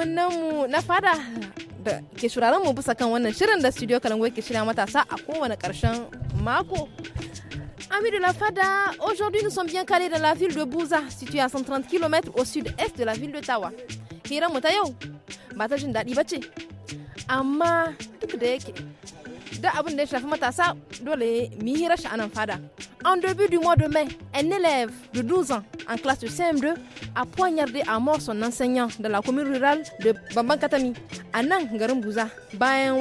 mamannan mu na fada da ke shuraren mu bisa kan wannan shirin da studio kalango ke shirya matasa a kowane karshen mako Amis de la FADA, aujourd'hui nous sommes bien calés dans la ville de Bouza, située à 130 km au sud-est de la ville de Tawa. Hira Mutayo, bata jin daɗi bace, amma da yake da ya shafi matasa dole anan En début du mois de mai, un élève de 12 ans en classe de CM2 a poignardé à mort son enseignant dans la commune rurale de Bambankatami, à Nan bayan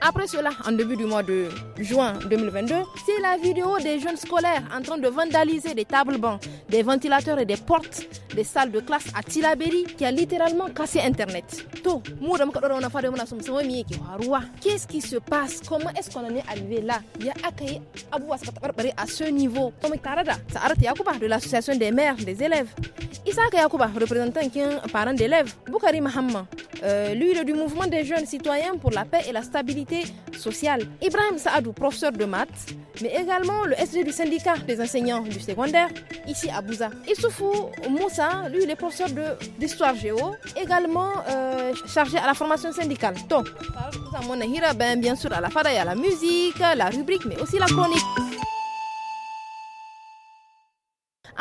après cela en début du mois de juin 2022 c'est la vidéo des jeunes scolaires en train de vandaliser des tables bancs des ventilateurs et des portes des salles de classe à Tilaberi qui a littéralement cassé internet to mu qu'est-ce qui se passe comment est-ce qu'on en est arrivé là Il y a abubuwa suka à ce niveau Yakuba de l'association des mères des élèves, Isaac Yakuba, représentant un parent d'élèves, Boukari Mahamma, euh, est du mouvement des jeunes citoyens pour la paix et la stabilité sociale, Ibrahim Saadou, professeur de maths, mais également le SG du syndicat des enseignants du secondaire, ici à Bouza. Issoufou Moussa, lui, il est professeur d'histoire géo, également euh, chargé à la formation syndicale. Donc, ben, bien sûr à la fada, il la musique, la rubrique, mais aussi la chronique.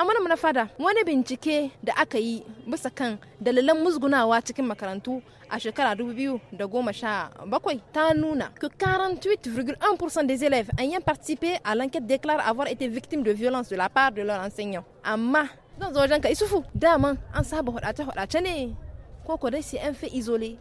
amma na fada wani bincike da aka yi bisa kan dalilan musgunawa cikin makarantu a shekara 2017 ta nuna que 48,1% des élèves ayant participé à l'enquête déclarent avoir été victimes de violence de la part de leur enseignant. Amma, dans un genre, ils se foutent. Daman, en sabot, à ta, à ta, ko ko dai sai an fi izole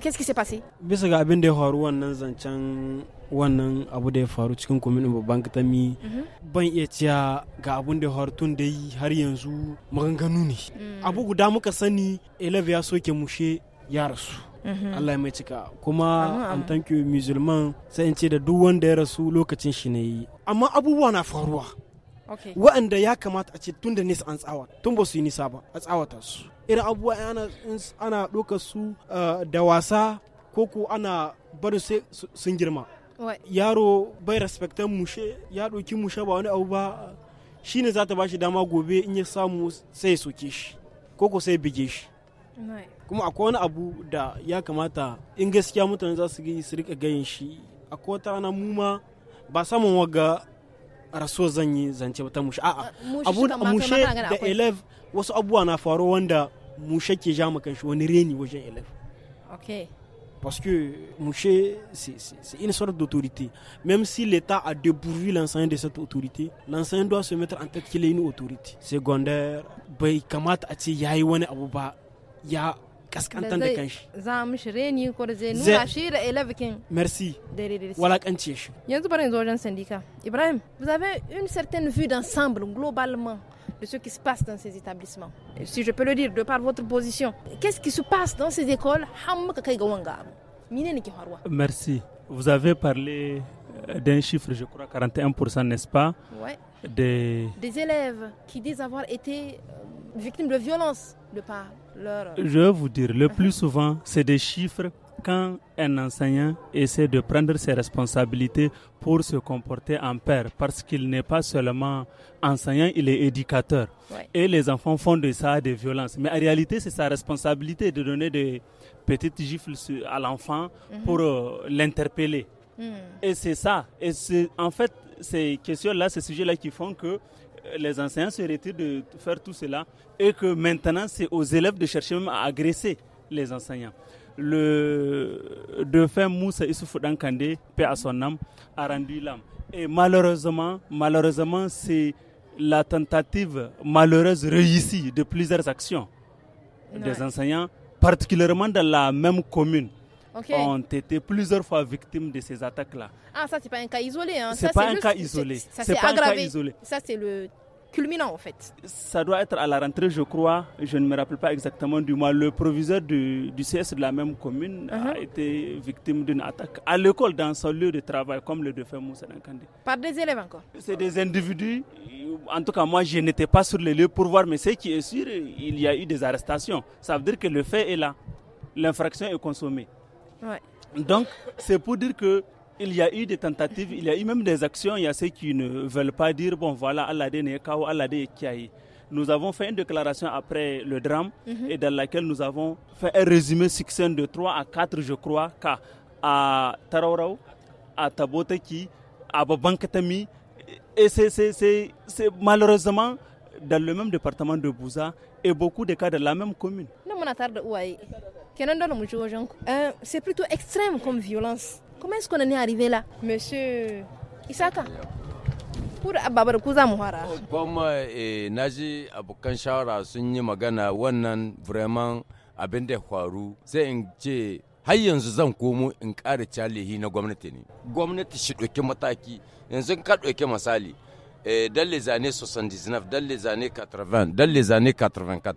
qu'est-ce qui s'est passé bisa ga abin da ya faru wannan zancen wannan abu da ya faru cikin kwamitin babban katami mhm. ban iya cewa ga abin da ya faru tun da yi har yanzu maganganu ne mm. abu guda muka sani eleve ya soke mushe ya rasu mhm. Allah ya mai cika kuma an thank you musulman sai in ce da duk wanda ya rasu lokacin shi ne yi amma abubuwa na faruwa waɗanda ya kamata a ce tun da nisa an tsawa tun ba su yi nisa ba a tsawata su irin abubuwa ana doka su eh, da wasa ko ko ana barin sai sun girma yaro bai respectan mushe ya ɗauki mushe ba wani abu ba shi ne za ta bashi dama gobe in ya samu sai ya soke shi ko ko sai bige shi kuma akwai wani abu da ya kamata in gaskiya mutane za su su rika gayin shi akwai wata rana mu ma ba samun waga raso zan yi zance ta mushe a'a eh, abu da mushe da elev wasu abubuwa na faro wanda mushe ke ja ma kanshi wani reni wajen elef Ok. parce que Mouché, c'est une sorte d'autorité. Même si l'État a dépourvu l'enseignant de cette autorité, l'enseignant doit se mettre en tête qu'il est une autorité. Secondaire, bai kamata a ce yayi wani abu ba ya kaskantar da kanshi. Za mu shirye ni ko shi da elevikin. Merci. Y a Yanzu bari zo wajen syndicat. Ibrahim, vous avez une certaine vue d'ensemble globalement de ce qui se passe dans ces établissements. Et si je peux le dire, de par votre position, qu'est-ce qui se passe dans ces écoles Merci. Vous avez parlé euh, d'un chiffre, je crois, 41%, n'est-ce pas oui Des... élèves qui disent avoir été euh, victimes de violence de par leur... Euh, je vais vous dire, le plus souvent, c'est des chiffres quand un enseignant essaie de prendre ses responsabilités pour se comporter en père, parce qu'il n'est pas seulement enseignant, il est éducateur. Et les enfants font de ça des violences. Mais en réalité, c'est sa responsabilité de donner des petites gifles à l'enfant mhm. pour euh, l'interpeller. Hmm. Et c'est ça. Et c'est en fait, ces questions-là, ces sujets-là qui font que euh, les enseignants se retirent de faire tout cela et que maintenant, c'est aux élèves de chercher même à agresser les enseignants le dauphin Moussa Issoufou Dankande, paix à son âme, a rendu l'âme. Et malheureusement, malheureusement, c'est la tentative malheureuse réussie de plusieurs actions des enseignants, particulièrement dans la même commune. ont été plusieurs fois victimes de ces attaques-là. Ah, ça, c'est pas un cas isolé. Hein. C'est pas, pas, un cas isolé. Ça, c'est aggravé. Ça, c'est le culminant en fait. Ça doit être à la rentrée, je crois, je ne me rappelle pas exactement du mois. Le proviseur du, CS de la même commune a uh-huh. été victime d'une attaque à l'école dans son lieu de travail, comme le défunt Moussa Nankandé. Par des élèves encore C'est des individus. En tout cas, moi, je n'étais pas sur les lieux pour voir, mais ce qui est sûr, il y a eu des arrestations. Ça veut dire que le fait est là. L'infraction est consommée. Donc, c'est pour dire que il y a eu des tentatives, il y a eu même des actions. Il y a ceux qui ne veulent pas dire, bon voilà, Allah ou Allah Kiaï. Nous avons fait une déclaration après le drame mhm. et dans laquelle nous avons fait un résumé succinct de 3 à 4, je crois, cas à Taraurao, à Taboteki, à Babankatami. Et c'est malheureusement dans le même département de Bouza et beaucoup de cas de la même commune. Euh, c'est plutôt extrême comme violence. Comment est-ce qu'on en est arrivé là Monsieur Isaka Pour ababar ku za mu fara. Kuma oh, eh, na ji abokan shawara magana wannan vraiment Abende Khwaru, c'est un sai Hai yanzu zan komo in ƙara calihi na gwamnati ne. Gwamnati shi ɗauki mataki yanzu ka ɗauki misali dan les années 79 dalle zane 80 dalle zane 84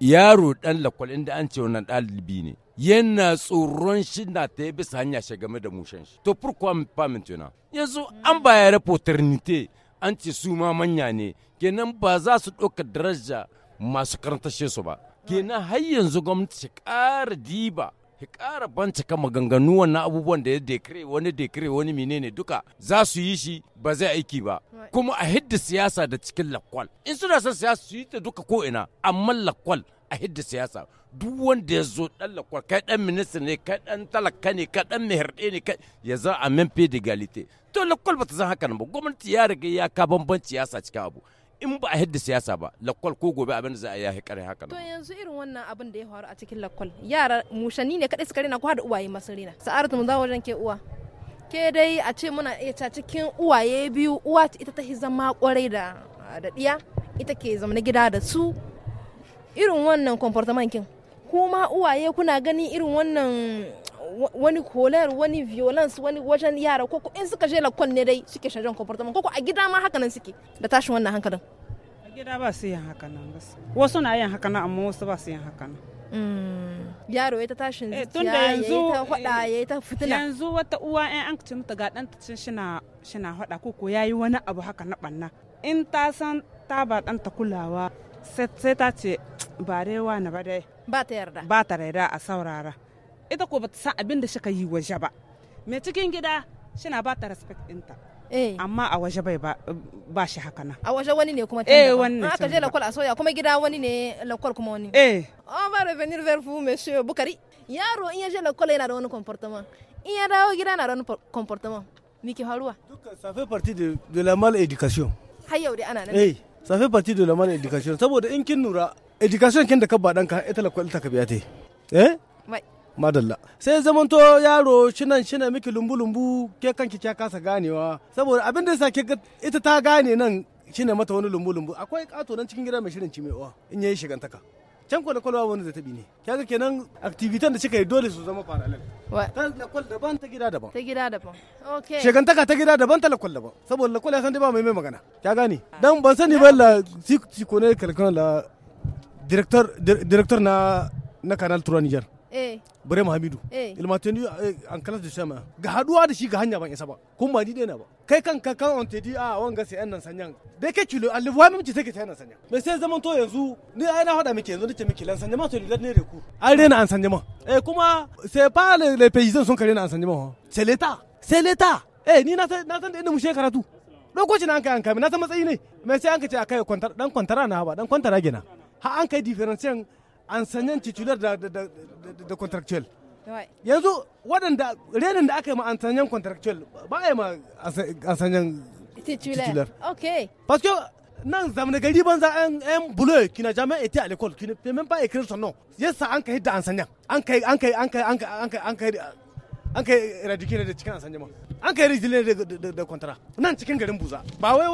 yaro ɗan lakwal inda an ce wannan ɗalibi ne yana tsoron shi na ta yi bisa hanya shi game da mushen shi to furkuwa famintuna yanzu an baya yare poternite an ce su ma manya ne kenan ba za su ɗauka daraja masu karantashe su ba kenan har yanzu gwamnati shi ƙara diba ya ƙara bancika maganganu wannan abubuwan da ya dekire wani dekire wani menene duka za su yi shi ba zai aiki ba kuma a hidda siyasa da cikin lakwal in suna son siyasa su yi ta duka ko ina amma lakwal a hidda siyasa duk wanda ya zo ɗan lakwal kai ɗan minista ne kai ɗan talaka ne kai ɗan mihirɗe ne kai ya zo a min fi digalite to lakwal ba ta zan haka nan ba gwamnati ya riga ya ka bambanci ya cikin abu in ba a hidda siyasa ba lakwal ko gobe abin da za a yi kare haka to yanzu irin wannan abin da ya faru a cikin lakwal yara mushani ne kadai suka rena ko da uwaye masu rena Sa'ar mu za wajen ke uwa ke dai a ce muna iya ta cikin uwaye biyu uwa ita ta zama kwarai da da diya ita ke zama gida da su irin wannan comportment kin kuma uwaye kuna ganin irin wannan wani kolar wani violence wani wajen yara ko in suka je lakon ne dai suke shajen comportment ko a gida ma haka nan suke da tashin wannan hankalin a gida ba su yin haka nan wasu na yin haka nan amma wasu ba su yin haka nan mm. yaro ya ta tashin zuciya ya yi ta eh, hwada ya ta fitina yanzu wata uwa yan an kace mata ga dan ta cin shina shina hwada ko ko yayi wani abu haka na banna in ta san ta ba danta ta kulawa sai ta ce ba rewa na ba dai ba ta yarda ba ta yarda a saurara ita ko ta san abin da ka yi waje ba mai cikin gida shina ba ta respect ɗinta eh. amma a waje bai ba shi haka nan a waje wani ne kuma eh wani aka je lakwal a soya kuma gida wani ne lakwal kuma wani eh on va revenir vers vous monsieur bukari yaro in ya je lakwal yana da wani comportement in ya dawo gida na da wani comportement ni ke haruwa dukkan ça fait partie de de la mal éducation har dai ana nan eh ça fait partie de la mal éducation saboda in kin nura education kin da ka ba ka ita lakwal ta ka biya te eh madalla sai zamanto yaro shinan shinan miki lumbu lumbu ke kanki kya kasa ganewa saboda abin da yasa ita ta gane nan shine mata wani lumbu lumbu akwai kato nan cikin gida mai shirin cimewa in yayi shigantaka can kwale kwalwa wani da tabi ne kaga kenan activities da kika yi dole su zama parallel ta lakwal daban ta gida daban ta gida daban okay shigantaka ta gida daban ta lakwal daban saboda lakwal ya san dai ba mai mai magana kya gane dan ban sani ba la si ko ne kalkan la directeur, directeur na, na Canal 3 Niger. Eh. Bare Hamidu. Eh. Ilmatani an eh, kalas da shama. Ga haduwa da shi ga hanya ban isa ba. Kun ba di dena ba. Kai kanka kan on te di a ah, wanga sai nan sanyan. Da ke kilo tu sais que take ta nan sanyan. Mais c'est zaman to yanzu ni ai na faɗa miki yanzu nace miki lan sanya ma to lidan ne reku. An rena an sanya ma. Eh kuma c'est pas les les paysans sont na an sanya ma. C'est l'état. C'est l'état. Eh ni na san na san da inda mu karatu. Lokacin an kai an kai na san matsayi ne. mais sai an kace akai kwantar dan kwantara na ba dan kwantara gina. ha an kai un enseignant titular de contractual yanzu waɗanda renin da contractual a yi titular ok parce que nan gari an n'a jamais été à l'école qui ne peut même pas écrire son nom yasa an kai da an kai an kai an kai an kai an kai an kai da cikin an kai nan cikin garin buza ba wai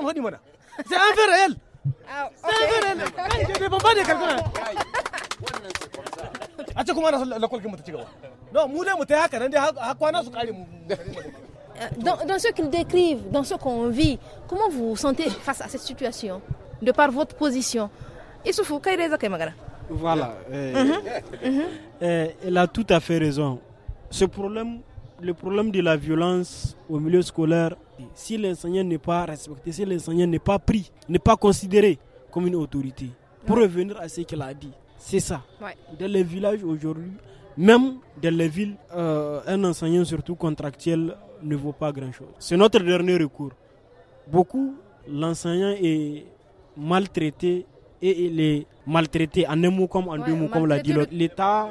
wani ba dans, ce qu'ils décrivent, dans ce qu'on vit, comment vous vous sentez face à cette situation, de par votre position Voilà. Euh, mhm. Euh, mhm. Euh, elle a tout à fait raison. Ce problème, le problème de la violence au milieu scolaire si l'enseignant n'est pas respecté, si l'enseignant n'est pas pris, n'est pas considéré comme une autorité, pour revenir à ce qu'il a dit, c'est ça. Dans les villages aujourd'hui, même dans les villes, euh, un enseignant surtout contractuel ne vaut pas grand-chose. C'est notre dernier recours. Beaucoup, l'enseignant est maltraité et il est maltraité en un mot comme en deux mots, comme l'a dit l'autre. L'État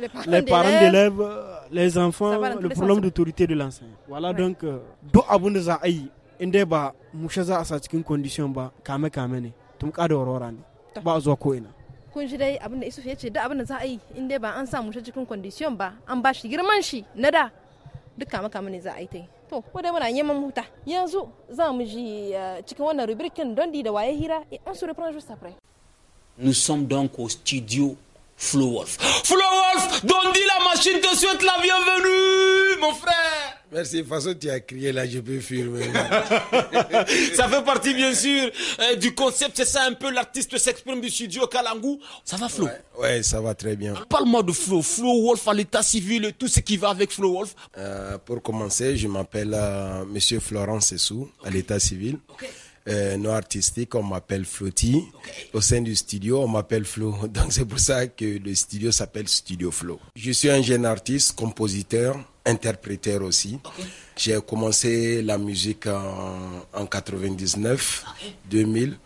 les parents, les parents d'élèves, les enfants, le problème d'autorité de l'enseignant. Voilà ouais. donc, euh, do abun da za a ba mushe za a sa cikin condition ba kame kame ne, tum kada warwara ne, ba a zuwa ko ina. kun ji dai abin da Isuf ya ce duk abin da za a yi ba an sa mushe cikin condition ba an ba shi girman shi na da duk kama kama ne za a yi ta yi. To, ko dai muna neman huta. Yanzu za mu ji eh, cikin wannan rubrikin dondi da waye hira et eh, on se reprend juste après. Nous sommes donc au studio Flo Wolf. Flo Wolf, Dondi, la machine te souhaite la bienvenue, mon frère. Merci, de toute façon, tu as crié là, je peux filmer. ça fait partie, bien sûr, euh, du concept. C'est ça un peu, l'artiste s'exprime du studio Kalangu. Ça va, Flo ouais, ça va très bien. Parle-moi de Flo. Flo Wolf à l'état civil tout ce qui va avec Flo Wolf. Euh, pour commencer, je m'appelle euh, Monsieur Florent Sessou à l'état civil. Ok euh, artistique, on m'appelle Flotti. Au sein du studio, on m'appelle Flo. Donc c'est pour ça que le studio s'appelle Studio Flo. Je suis un jeune artiste, compositeur, interpréteur aussi. J'ai commencé la musique en, en 99, 2000.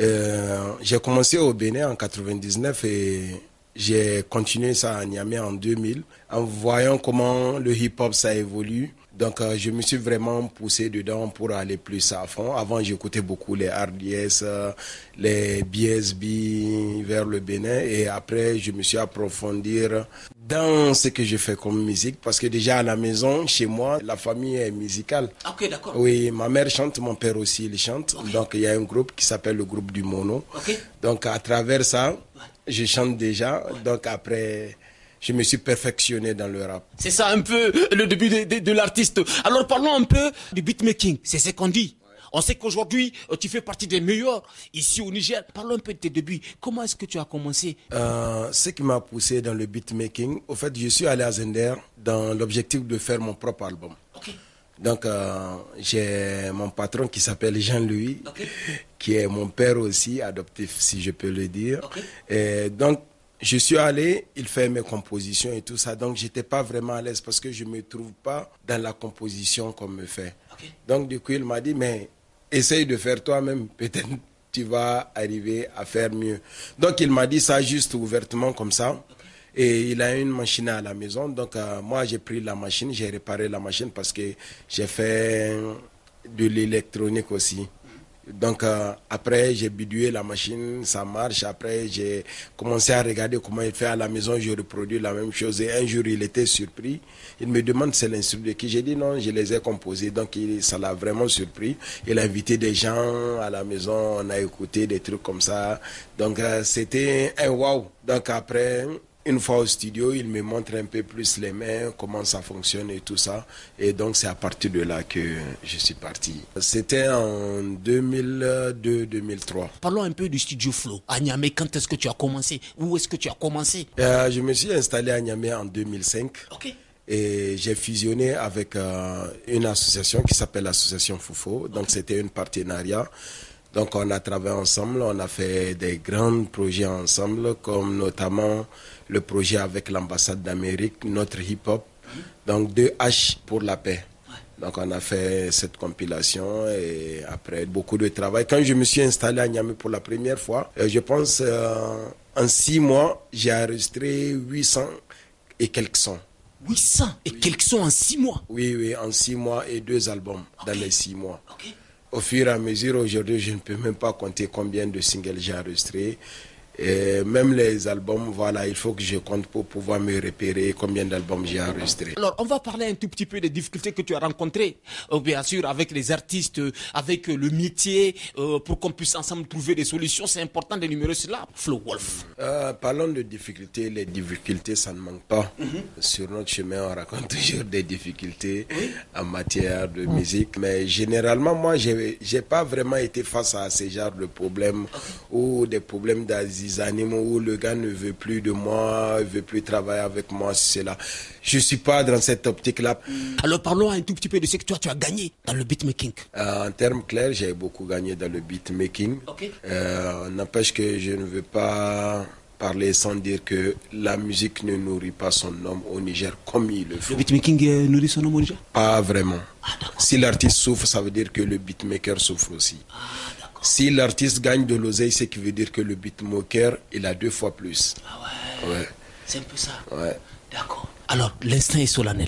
Euh, j'ai commencé au Bénin en 99 et j'ai continué ça à Niamey en 2000 en voyant comment le hip-hop ça évolue donc euh, je me suis vraiment poussé dedans pour aller plus à fond. Avant j'écoutais beaucoup les RDS, euh, les BSB vers le Bénin et après je me suis approfondi dans ce que je fais comme musique parce que déjà à la maison, chez moi, la famille est musicale. Ah, ok, d'accord. Oui, ma mère chante, mon père aussi il chante. Donc il y a un groupe qui s'appelle le groupe du mono. Ok. Donc à travers ça, je chante déjà. Donc après je me suis perfectionné dans le rap. C'est ça un peu le début de, l'artiste. Alors parlons un peu du beatmaking, c'est ce qu'on dit. On sait qu'aujourd'hui, euh, tu fais partie des meilleurs ici au Niger. Parlons un peu de tes débuts. Comment est-ce que tu as commencé euh, Ce qui m'a poussé dans le beatmaking, au fait, je suis allé à Zender dans l'objectif de faire mon propre album. Donc, euh, j'ai mon patron qui s'appelle Jean-Louis, qui est mon père aussi, adoptif, si je peux le dire. Et donc, je suis allé, il fait mes compositions et tout ça, donc n'étais pas vraiment à l'aise parce que je me trouve pas dans la composition qu'on me fait. Donc du coup, il m'a dit, mais essaye de faire toi-même, peut-être tu vas arriver à faire mieux. Donc il m'a dit ça juste ouvertement comme ça. Et il a une machine à la maison, donc euh, moi j'ai pris la machine, j'ai réparé la machine parce que j'ai fait de l'électronique aussi. Donc euh, après, j'ai bidoué la machine, ça marche. Après, j'ai commencé à regarder comment il fait à la maison. Je reproduis la même chose. Et un jour, il était surpris. Il me demande c'est l'instrument de qui. J'ai dit non, je les ai composés. Donc il, ça l'a vraiment surpris. Il a invité des gens à la maison. On a écouté des trucs comme ça. Donc euh, c'était un wow. Donc après, une fois au studio, il me montre un peu plus les mains, comment ça fonctionne et tout ça. Et donc, c'est à partir de là que je suis parti. C'était en 2002-2003. Parlons un peu du studio Flow. À Niamey, quand est-ce que tu as commencé Où est-ce que tu as commencé euh, Je me suis installé à Niamey en 2005. Ok et j'ai fusionné avec euh, une association qui s'appelle l'association Foufo. Donc c'était un partenariat. Donc on a travaillé ensemble, on a fait des grands projets ensemble, comme notamment le projet avec l'ambassade d'Amérique, notre hip-hop. Donc deux h pour la paix. Donc on a fait cette compilation et après beaucoup de travail. Quand je me suis installé à Niamey pour la première fois, euh, je pense euh, en six mois, j'ai enregistré 800 et quelques sons. 800 et quelques sons en six mois Oui, oui, en six mois et deux albums dans les six mois. Au fur et à mesure, aujourd'hui, je ne peux même pas compter combien de singles j'ai enregistrés. Et même les albums, voilà, il faut que je compte pour pouvoir me repérer combien d'albums j'ai enregistrés. Alors, on va parler un tout petit peu des difficultés que tu as rencontrées, euh, bien sûr, avec les artistes, euh, avec euh, le métier, pour qu'on puisse ensemble trouver des solutions. C'est important de d'énumérer cela, Flo Wolf. parlons de difficultés. Les difficultés, ça ne manque pas. Mhm. Sur notre chemin, on raconte toujours des difficultés en matière de musique. Mais généralement, moi, je n'ai pas vraiment été face à ces genre de problèmes ou des problèmes d'asile animaux où le gars ne veut plus de moi, ne veut plus travailler avec moi, c'est là. Je suis pas dans cette optique-là. Mm. Alors parlons un tout petit peu de ce que toi tu as gagné dans le beatmaking. Euh, en termes clairs, j'ai beaucoup gagné dans le beatmaking. Okay. Euh, n'empêche que je ne veux pas parler sans dire que la musique ne nourrit pas son homme au Niger comme il le fait Le beatmaking euh, nourrit son homme au Niger Pas vraiment. Ah, si l'artiste souffre, ça veut dire que le beatmaker souffre aussi. Ah, si l'artiste gagne de l'oseille, c'est qui veut dire que le beatmaker, il a deux fois plus. Ah ouais. C'est un peu ça. Ouais. D'accord. Alors, l'instinct est solennel.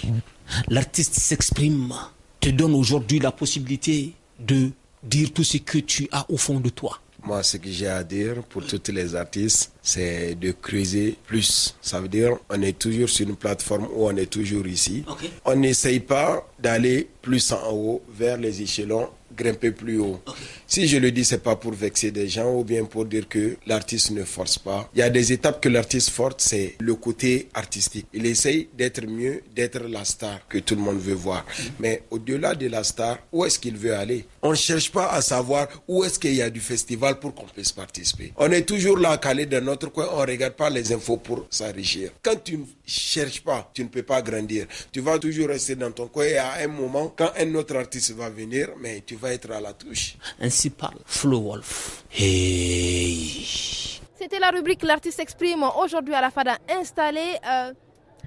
L'artiste s'exprime, te donne aujourd'hui la possibilité de dire tout ce que tu as au fond de toi. Moi, ce que j'ai à dire pour tous les artistes, c'est de creuser plus. Ça veut dire, on est toujours sur une plateforme où on est toujours ici. On n'essaye pas d'aller plus en haut vers les échelons grimper plus haut. Si je le dis, c'est pas pour vexer des gens ou bien pour dire que l'artiste ne force pas. Il y a des étapes que l'artiste force, c'est le côté artistique. Il essaye d'être mieux, d'être la star que tout le monde veut voir. Mais au-delà de la star, où est-ce qu'il veut aller On ne cherche pas à savoir où est-ce qu'il y a du festival pour qu'on puisse participer. On est toujours là, calé dans notre coin, on regarde pas les infos pour s'enrichir. Quand une cherche pas, tu ne peux pas grandir. Tu vas toujours rester dans ton coin et à un moment, quand un autre artiste va venir, mais tu vas être à la touche. Ainsi parle Flo Wolf. Hey. C'était la rubrique L'artiste exprime. Aujourd'hui à la FADA installée euh,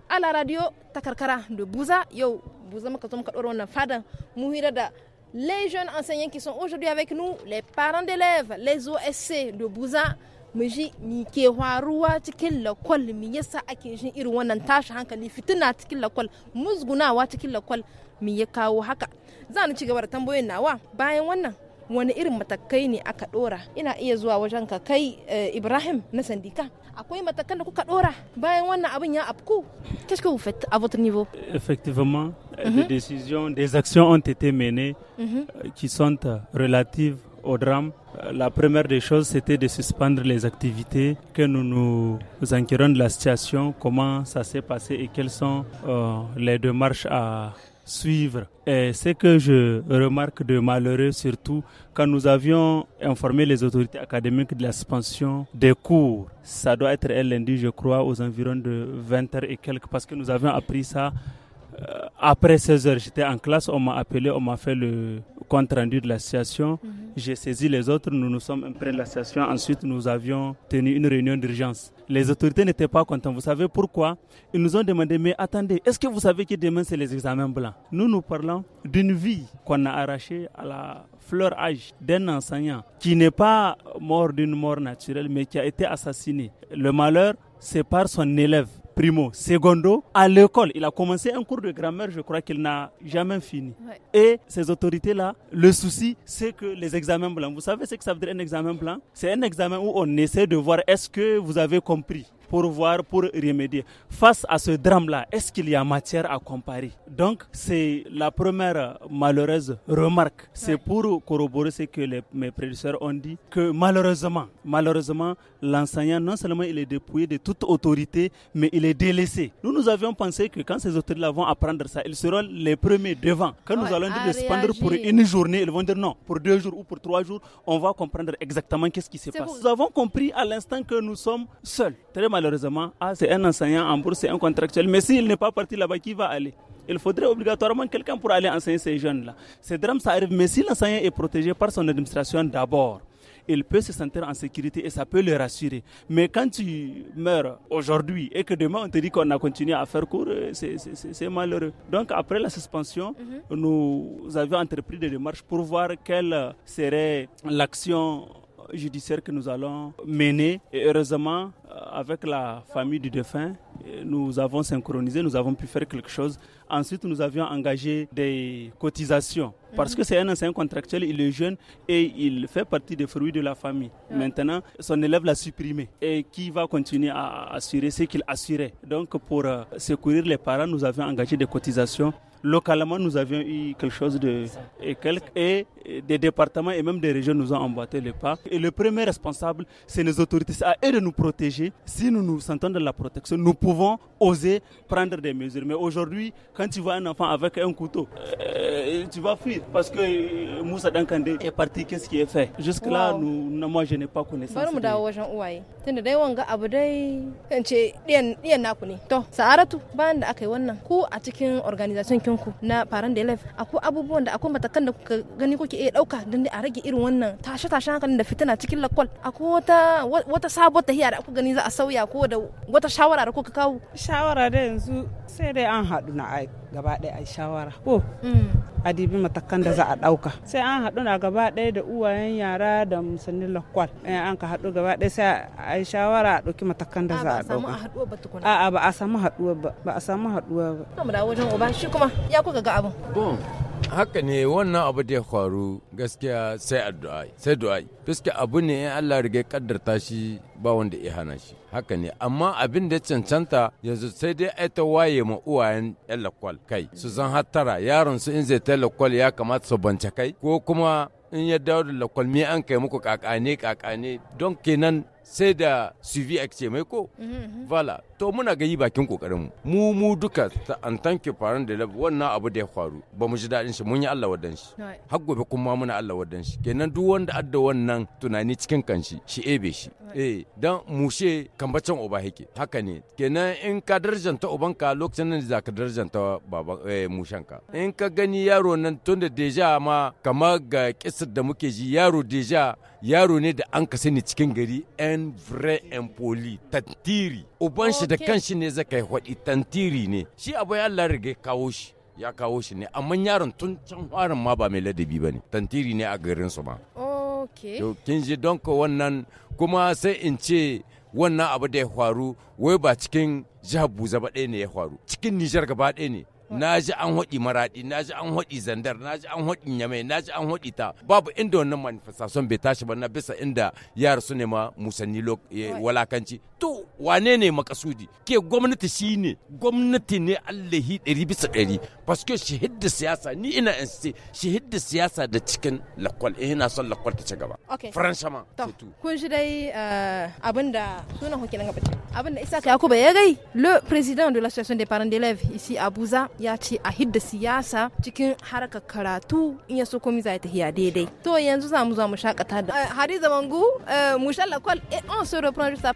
à la radio Takarkara de Bouza. Yo, FADA Les jeunes enseignants qui sont aujourd'hui avec nous, les parents d'élèves, les OSC de Bouza. mu ji mi ke ruwa cikin lakwal mi yasa ake jin irin wannan tashi hankali fitina cikin lakwal musgunawa cikin lakwal mi ya kawo haka za ni ci gaba da tambayoyin nawa bayan wannan wani irin matakai ne aka dora ina iya zuwa wajen ka kai eh, ibrahim na sandika akwai matakan da kuka dora bayan wannan abin ya afku qu'est-ce que vous faites à votre niveau effectivement mhm. des décisions des actions ont été menées mhm. euh, qui sont euh, relatives au drame, euh, la première des choses, c'était de suspendre les activités, que nous nous enquérons de la situation, comment ça s'est passé et quelles sont euh, les démarches à suivre. Et ce que je remarque de malheureux, surtout quand nous avions informé les autorités académiques de la suspension des cours, ça doit être lundi, je crois, aux environs de 20h et quelques, parce que nous avions appris ça euh, après 16 heures, j'étais en classe, on m'a appelé, on m'a fait le compte rendu de l'association. Mhm. J'ai saisi les autres, nous nous sommes près de l'association. Ensuite, nous avions tenu une réunion d'urgence. Les autorités n'étaient pas contents. Vous savez pourquoi Ils nous ont demandé, mais attendez, est-ce que vous savez que demain, c'est les examens blancs Nous, nous parlons d'une vie qu'on a arrachée à la fleur âge d'un enseignant qui n'est pas mort d'une mort naturelle, mais qui a été assassiné. Le malheur, c'est par son élève primo. Secondo, à l'école, il a commencé un cours de grammaire, je crois qu'il n'a jamais fini. Et ces autorités-là, le souci, c'est que les examens blancs, vous savez ce que ça veut dire un examen blanc C'est un examen où on essaie de voir est-ce que vous avez compris pour voir, pour remédier. Face à ce drame-là, est-ce qu'il y a matière à comparer Donc, c'est la première malheureuse remarque. C'est pour corroborer ce que mes prédécesseurs ont dit, que malheureusement, malheureusement, l'enseignant, non seulement il est dépouillé de toute autorité, mais il est délaissé. Nous, nous avions pensé que quand ces autorités-là vont apprendre ça, ils seront les premiers devant. Quand nous allons dire de pour une journée, ils vont dire non, pour deux jours ou pour trois jours, on va comprendre exactement qu'est-ce qui se passe. Nous avons compris à l'instant que nous sommes seuls. Très malheureusement, ah, c'est un enseignant en bourse, c'est un contractuel, mais s'il n'est pas parti là-bas, qui va aller il faudrait obligatoirement quelqu'un pour aller enseigner ces jeunes-là. Ces drames, ça arrive, mais si l'enseignant est protégé par son administration d'abord, il peut se sentir en sécurité et ça peut le rassurer. Mais quand tu meurs aujourd'hui et que demain on te dit qu'on a continué à faire court, euh, c'est malheureux. Donc après la suspension, mhm. nous avions entrepris des démarches pour voir quelle serait l'action judiciaire que nous allons mener. Et heureusement, euh, avec la famille du défunt, euh, nous avons synchronisé, nous avons pu faire quelque chose Ensuite, nous avions engagé des cotisations. Parce que c'est un enseignant contractuel, il est jeune et il fait partie des fruits de la famille. Maintenant, son élève l'a supprimé et qui va continuer à assurer ce qu'il assurait. Donc, pour euh, secourir les parents, nous avions engagé des cotisations localement, nous avions eu quelque chose de. Et, quelques, des départements et même des régions nous ont emboîté le pas. Et le premier responsable, c'est nos autorités. C'est à eux de nous protéger. Si nous nous sentons dans la protection, nous pouvons oser prendre des mesures. Mais aujourd'hui, quand tu vois un enfant avec un couteau, euh, tu vas fuir parce que euh, Moussa Dankande est parti. Qu'est-ce qui est fait Jusque-là, nous, moi, je n'ai pas connaissance. ku na faran da life akwai abubuwan da akwai matakan da kuka gani kuke iya dauka don a rage irin wannan tashe tashen hankalin da fitina cikin lakwal akwai wata wata sabuwar tahiya da kuka gani za a sauya ko da wata shawara da kuka kawo shawara da yanzu sai dai an haɗu na ai gaba ɗaya a shawara ko mm. a dibi matakan da za a ɗauka sai an haɗu na gaba ɗaya da uwayen yara da musannin lakwal an ka haɗu gaba ɗaya sai a yi shawara a ɗauki matakan da za a ɗauka a ba a samu haɗuwa ba ba a samu haɗuwa ba. Kuma da wajen uba shi kuma ya kuka ga abin. haka ne wannan abu da ya faru gaskiya sai addu'a sai du'a fiske abu ne in Allah riga kaddarta shi ba wanda ya hana shi haka ne amma abin da cancanta yanzu sai dai ai ta waye ma uwayen yan lakwal kai su zan hattara yaron su in zai ta lakwal ya kamata su bance kai ko kuma in ya dawo da lakwal me an kai muku kakane kakane don kenan sai da suvi ce mai ko mhm, mhm. vala to muna ga yi bakin kokarin mu mu duka an tanke faran da wannan abu da ya faru ba mu ji daɗin shi mun yi Allah wadan shi har gobe kuma muna Allah wadan shi kenan duk wanda adda wannan tunani cikin kanshi shi ebe shi eh dan mushe kambacin uba hake haka ne kenan in ka darjanta ka. lokacin nan za ka darjanta baba eh in ka gani yaro nan tunda deja ma kamar ga kisar da muke ji yaro deja yaro ne da an ka sani cikin gari en vre en poli tantiri uban shi da kanshi ne zai yi hwaɗi tantiri ne shi abu ya Allah rige kawo shi ya kawo shi ne amma yaron tun can farin ma ba mai ladabi ba ne tantiri ne a garin su ma okay to kin ji don ko wannan kuma sai in ce wannan abu da ya faru wai ba cikin jihar Buza ba ɗaya ne ya faru cikin Nijar gaba ɗaya ne na ji an haɗi maraɗi na ji an haɗi zandar na ji an haɗi nyame na ji an haɗi ta babu inda wannan manifestation bai tashi ba na bisa inda yara su nema musanni eh, walakanci to wane ne makasudi ke gwamnati shi ne gwamnati ne allahi ɗari bisa ɗari paske shahidda siyasa ni ina in ce shahidda siyasa da cikin lakwal eh, ina son lakwal ta ci gaba faranshama kun shi dai eh, abin da sunan hukilan gaba abin da isa yakuba ya gai le président de l'association des parents d'élèves ici à Bouza ya ce a hidda siyasa cikin harkar karatu in ya so komi za ya tafiya daidai to yanzu za mu zo mu shakata da eh, hadiza mangu eh, mu kwal et eh, on se reprend juste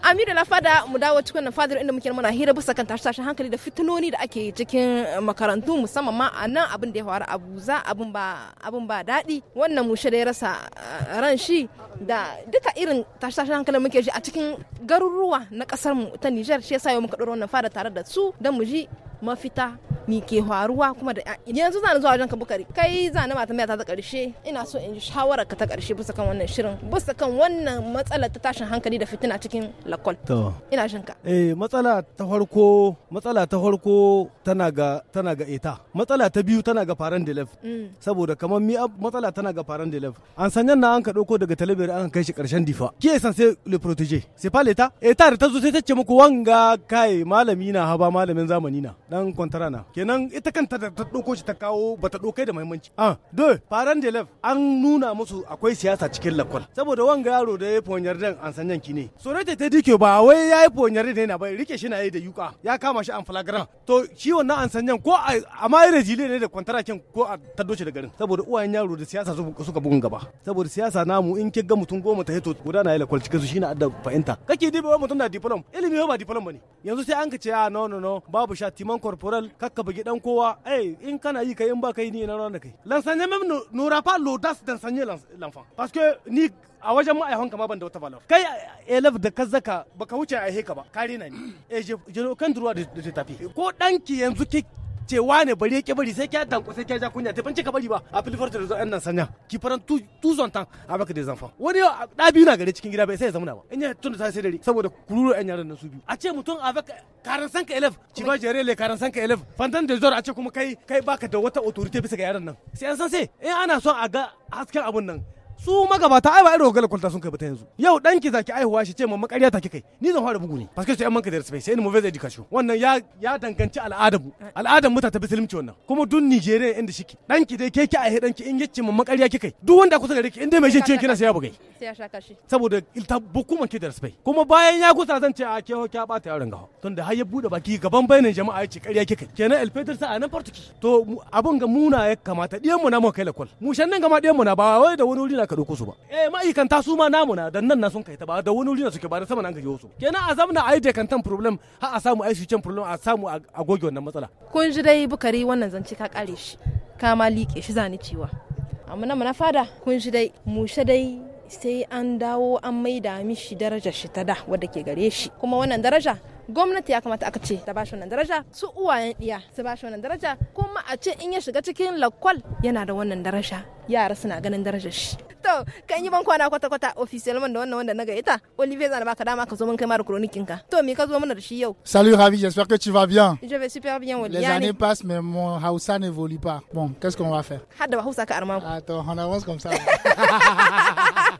Ami da Lafada mu dawo cikin na fadar inda muke muna hira bisa kan tashin hankali da fitiloni da ake cikin eh, makarantu musamman ma a nan abin da ya faru abuza abin ba daɗi wannan mushe da ya rasa eh, ran shi da duka irin tashin hankali muke ji a cikin garuruwa na kasar mu ta Nijar shi yasa yau muka ɗora wannan fada tare da su don mu ji mafita ni ke faruwa kuma da yanzu zan zuwa wajen ka bukari kai zan mata mai ta ta karshe ina so in ji shawara ka ta karshe bisa kan wannan shirin bisa kan wannan matsala ta tashin hankali da fitina cikin lakol to ina jin ka eh matsala ta farko matsala ta farko tana ga tana ga eta matsala ta biyu tana ga faran da lef mm. saboda kamar mi matsala tana ga faran da lef an sanyan na an ka dauko daga talabiyar an kai shi karshen difa ki san sai le protéger c'est pas eta da ta zo sai ta ce muku wanga kai malami na haba malamin zamani na dan kwantara na kenan ita kanta da ta doko shi ta kawo ba ta ɗaukai da muhimmanci ah do faran de lef an nuna musu akwai siyasa cikin lakwal saboda wanga yaro da ya fonyar dan an san yanki ne sorete ta dike ba wai ya yi fonyar ne na bai rike shi na yi da yuka ya kama shi an flagrant to shi wannan an san ko a ma rejile ne da kwantara kin ko a taddo shi da garin saboda uwayen yaro da siyasa suka bugun gaba saboda siyasa namu in kin ga mutum goma ta hito guda na yi lakwal cikin su shine adda fahimta kake dibe mutum na diplom ilimi ba diplom bane yanzu sai an ka ce ah, no no no babu sha timan corporal kakka bugi dan kowa eh in kana yi kai in ba kai ni na ran kai l'enseignement même n'aura pas l'audace d'enseigner l'enfant parce que ni a wajen mu ma'aikanka ma ban da wata valor kai elef eh, da ka zaka baka wuce a heka ba kare na ni eh je kan duruwa da tafi ko danki yanzu ki ce wane bari ya bari sai kya tanko sai kya ja kunya ta bance ka bari ba a filifar da zan nan sanya ki faran tuzon tan a baka da zanfa wani da biyu na gare cikin gida bai sai ya ba in ya da ta sai dare saboda kururu yan yaran nan su biyu a ce mutum a baka karan sanka elef ci ba jere le karan sanka elef fantan da zuwa a ce kuma kai kai baka da wata autorite bisa ga yaran nan sai an san sai in ana son a ga hasken abun nan su magabata ai ba irin hogala kwalta sun kai ba ta yanzu yau dan ki zaki aihuwa shi ce mamma ƙarya take kai ni zan fara bugu ne parce que sai an manka da respect sai ni mauvaise education wannan ya ya danganci al'adabu al'adan mutata bisulunci wannan kuma dun Nigeria inda shike dan ki dai keke a ki in yace mamma ƙarya kike duk wanda kusa da rike in dai mai jin ciwon kina sai ya bugai sai ya shaka shi saboda ilta bukuman ke da respect kuma bayan ya kusa zan ce a ke ho ka bata yaron gawa tun da har ya bude baki gaban bayanan jama'a ya ce ƙarya kike kenan el peter sa a nan fartuki to abun ga muna ya kamata diyan mu na mu kai lakwal mu shan nan gama diyan mu na ba wai da wani wuri na aka ɗauko su ba eh ma'aikanta su ma namu na dan nan na sun kai ta ba da wani wuri suke ba da sama na an su kenan a zamna a yi tan problem ha a samu a yi problem a samu a goge wannan matsala kun ji dai bukari wannan zance ka kare shi ka ma liƙe shi zani cewa amma na mana fada kun ji dai Mu mushe dai sai an dawo an maida mishi darajar shi ta da wadda ke gare shi kuma wannan daraja gwamnati ya kamata aka ce ta bashi wannan daraja su uwayen iya su bashi wannan daraja kuma a ce in ya shiga cikin lakwal yana da wannan daraja yara suna ganin darajar shi to kan yi ban kwana kwata kwata official man da wannan wanda na gaita olivier zan baka dama ka zo mun kai mara kronikin ka to me ka zo mana da shi yau salut ravi j'espère que tu vas bien je vais super bien Wally les années passent mais mon hausa n'évolue pas bon qu'est-ce qu'on va faire hada hausa ka arma attends on avance comme ça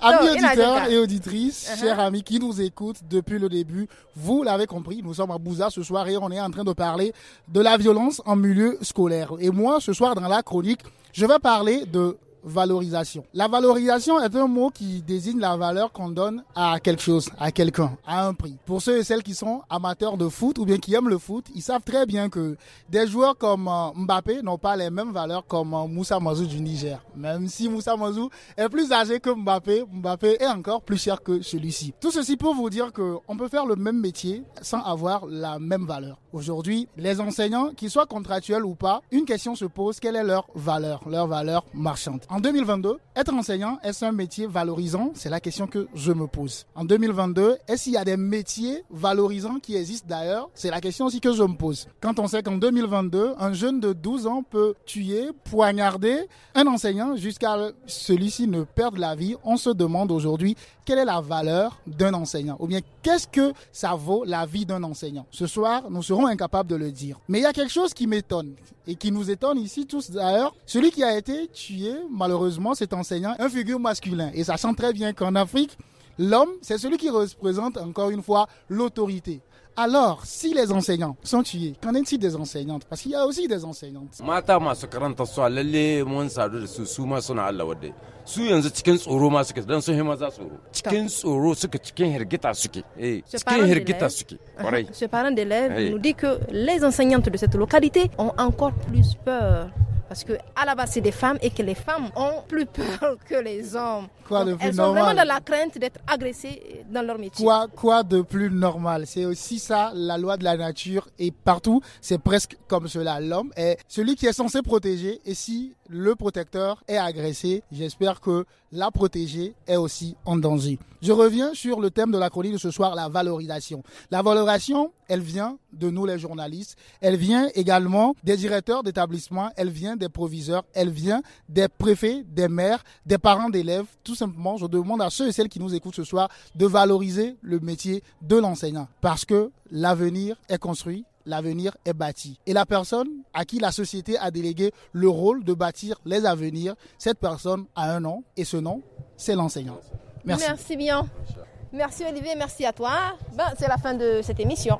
Amis auditeurs et auditrices, uh-huh. chers amis qui nous écoutent depuis le début, vous l'avez compris, nous sommes à Bouza ce soir et on est en train de parler de la violence en milieu scolaire. Et moi, ce soir, dans la chronique, je vais parler de valorisation. La valorisation est un mot qui désigne la valeur qu'on donne à quelque chose, à quelqu'un, à un prix. Pour ceux et celles qui sont amateurs de foot ou bien qui aiment le foot, ils savent très bien que des joueurs comme euh, Mbappé n'ont pas les mêmes valeurs comme euh, Moussa Mazou du Niger. Même si Moussa Mazou est plus âgé que Mbappé, Mbappé est encore plus cher que celui-ci. Tout ceci pour vous dire qu'on peut faire le même métier sans avoir la même valeur. Aujourd'hui, les enseignants, qu'ils soient contractuels ou pas, une question se pose, quelle est leur valeur, leur valeur marchande en 2022, être enseignant, est-ce un métier valorisant C'est la question que je me pose. En 2022, est-ce qu'il y a des métiers valorisants qui existent d'ailleurs C'est la question aussi que je me pose. Quand on sait qu'en 2022, un jeune de 12 ans peut tuer, poignarder un enseignant jusqu'à celui-ci ne perde la vie, on se demande aujourd'hui quelle est la valeur d'un enseignant Ou bien qu'est-ce que ça vaut la vie d'un enseignant Ce soir, nous serons incapables de le dire. Mais il y a quelque chose qui m'étonne et qui nous étonne ici tous d'ailleurs. Celui qui a été tué, malheureusement, cet enseignant, un figure masculin. Et ça sent très bien qu'en Afrique, l'homme, c'est celui qui représente encore une fois l'autorité. Alors, si les enseignants sont tués, qu'en est-il des enseignantes Parce qu'il y a aussi des enseignantes. Mata 40 ans mon Allah Su yanzu cikin tsoro ma suke dan hima za Cikin tsoro cikin hirgita suke. Eh, cikin hirgita suke. Ce parent d'élève nous dit que les enseignantes de cette localité ont encore plus peur parce que à la base, c'est des femmes et que les femmes ont plus peur que les hommes. Quoi de plus elles ont vraiment la crainte d'être agressées euh, dans leur métier. Quoi, quoi de plus normal C'est aussi ça, la loi de la nature. Et partout, c'est presque comme cela. L'homme est celui qui est censé protéger. Et si le protecteur est agressé, j'espère que la protégée est aussi en danger. Je reviens sur le thème de la chronique de ce soir, la valorisation. La valorisation, elle vient de nous les journalistes, elle vient également des directeurs d'établissements, elle vient des proviseurs, elle vient des préfets, des maires, des parents d'élèves. Tout simplement, je demande à ceux et celles qui nous écoutent ce soir de valoriser le métier de l'enseignant parce que l'avenir est construit l'avenir est bâti. Et la personne à qui la société a délégué le rôle de bâtir les avenirs, cette personne a un nom et ce nom, c'est l'enseignant. Merci. Merci bien. Merci Olivier, merci à toi. Bah, c'est la fin de cette émission.